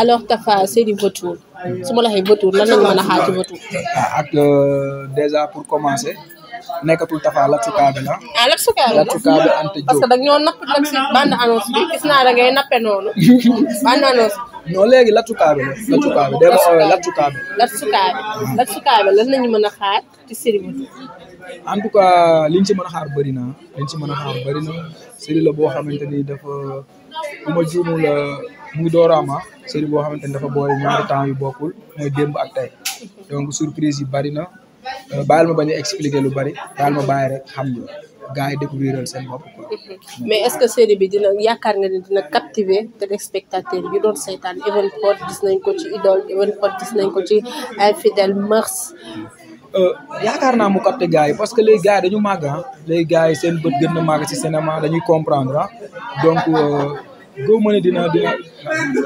alors Tapha Seydi Vautour su ma la waxee Vautour lan lañ ak déjà pour commencer nekkatul Tapha Latsu Kaabe la. ah Latsu Kaabe la Latsu Kaabe Anta Diop parce que da ñoo napp Latsu gis naa da ngay nappe noonu bande annonce bi. non la Latsu Kaabe day ma oowee Latsu Kaabe. Latsu Kaabe Latsu Kaabe lan lañu mën a xaar ci en tout cas liñ ci mën a xaar bëri na liñ ci mën a xaar bëri na boo xamante ni dafa bu ma mu ngi door a am série boo xamante ni dafa boole ñaar temps yu bokkul mooy démb ak tey donc surprise yi bari na euh, baal ma bañ a expliquer lu bari baal ma bàyyi rek xam nga gars yi découvriral seen bopp quoi. mais est-ce que série bi dina yaakaar nga ne dina captiver téléspectateur yi doon seetaan Evenprod gis nañ ko ci Idole Evenprod gis nañ ko ci Infidèles Mœurs. Euh, yaakaar naa mu capté gars yi parce que léegi gars yi dañu màgg ah léegi seen bët gën na màgg ci cinéma dañuy comprendre ah. donc. Euh, goo mën a dina dina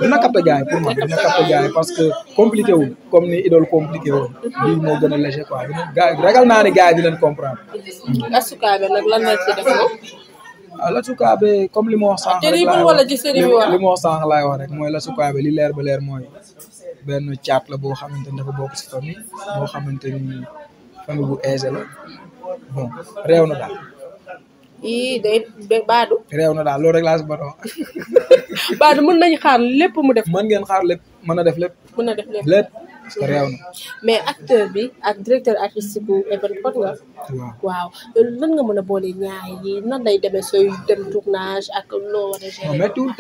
dina capté gars yi pour dina capté gars parce que compliqué wu comme ni idole compliqué wul lii moo gën a léger quoi gars naa ne gars yi leen comprendre. Asukabe nag lan la ci def waaw ah, comme li ma wax sànq rek laay li ma wax sànq laay wax rek mooy Latoukabe li leer ba leer mooy benn caat la boo xamante dafa bokk si famille boo xamante ni famille bu aisée la bon réew na daal. i day day baadu. réew na daal loolu rek laa si batoo. mën nañ xaar lépp mu def. mën ngeen xaar lépp mën na def lépp. mën na def lépp lépp parce na. mais acteur bi ak directeur artistique bu event pot nga. nan nga mën a boole ñaar yi nan lay demee sooy dem tournage ak loo war a gérer. méttiwul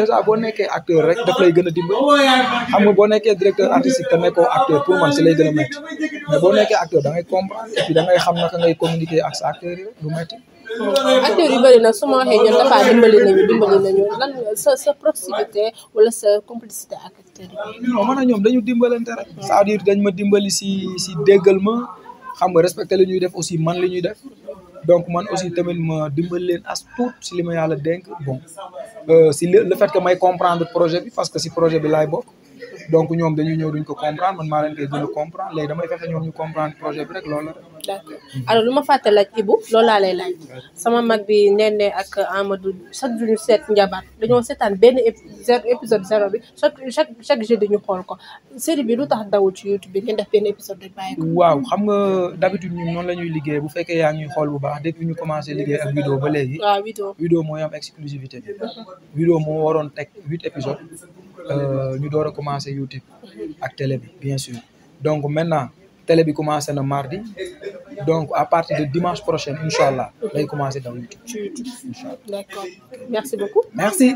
dèjà boo nekkee acteur rek daf lay gën a dimbali. xam nga boo nekkee directeur artistique te nekkoo acteur pour man si lay gën a mais boo nekkee acteur da ngay xam na ngay communiquer ak sa acteur yi du métti. acteurs yu bëri nag su ma waxee ñoom dafa dimbali nañu dimbali nañu lan sa sa proximité wala sa complicité ak acteurs yi. Ah, non man ak ñoom dañu dimbalante rek. cest dire dañ ma dimbali si si déggal xam nga respecté li ñuy def aussi man li ñuy def donc man aussi tamit ma dimbali leen as tuut si li ma yàlla dénk bon euh, si le fait que may comprendre projet bi parce que si projet bi laay bokk. donc ñoom dañuy ñëw duñ ko comprendre man maa leen koy gën a comprendre léegi damay fexe ñoom ñu comprendre projet bi rek loolu la lu ma fàtte laaj Ibou loolu laa lay sama mag bi Nene ak Amadou chaque jour ñu seet njabaat dañoo seetaan benn épisode zéro bi chaque chaque chaque jeudi ñu xool ko série bi lu tax dawul ci YouTube bi ngeen def benn épisode rek bàyyi ko. waaw xam nga d' habitude ñun noonu la ñuy liggéey bu fekkee yaa ngi ñuy xool bu baax depuis ñu commencé liggéey ak vidéo ba léegi. waaw vidéo mooy am exclusivité. vidéo moo waroon teg huit épisodes. Euh, ñu door a commencé YouTube ak télé bi bien sûr donc maintenant télé bi commencé na mardi donc à partir de dimanche prochain incha allah lay commencé daw YouTube incha allah d'accord merci beaucoup merci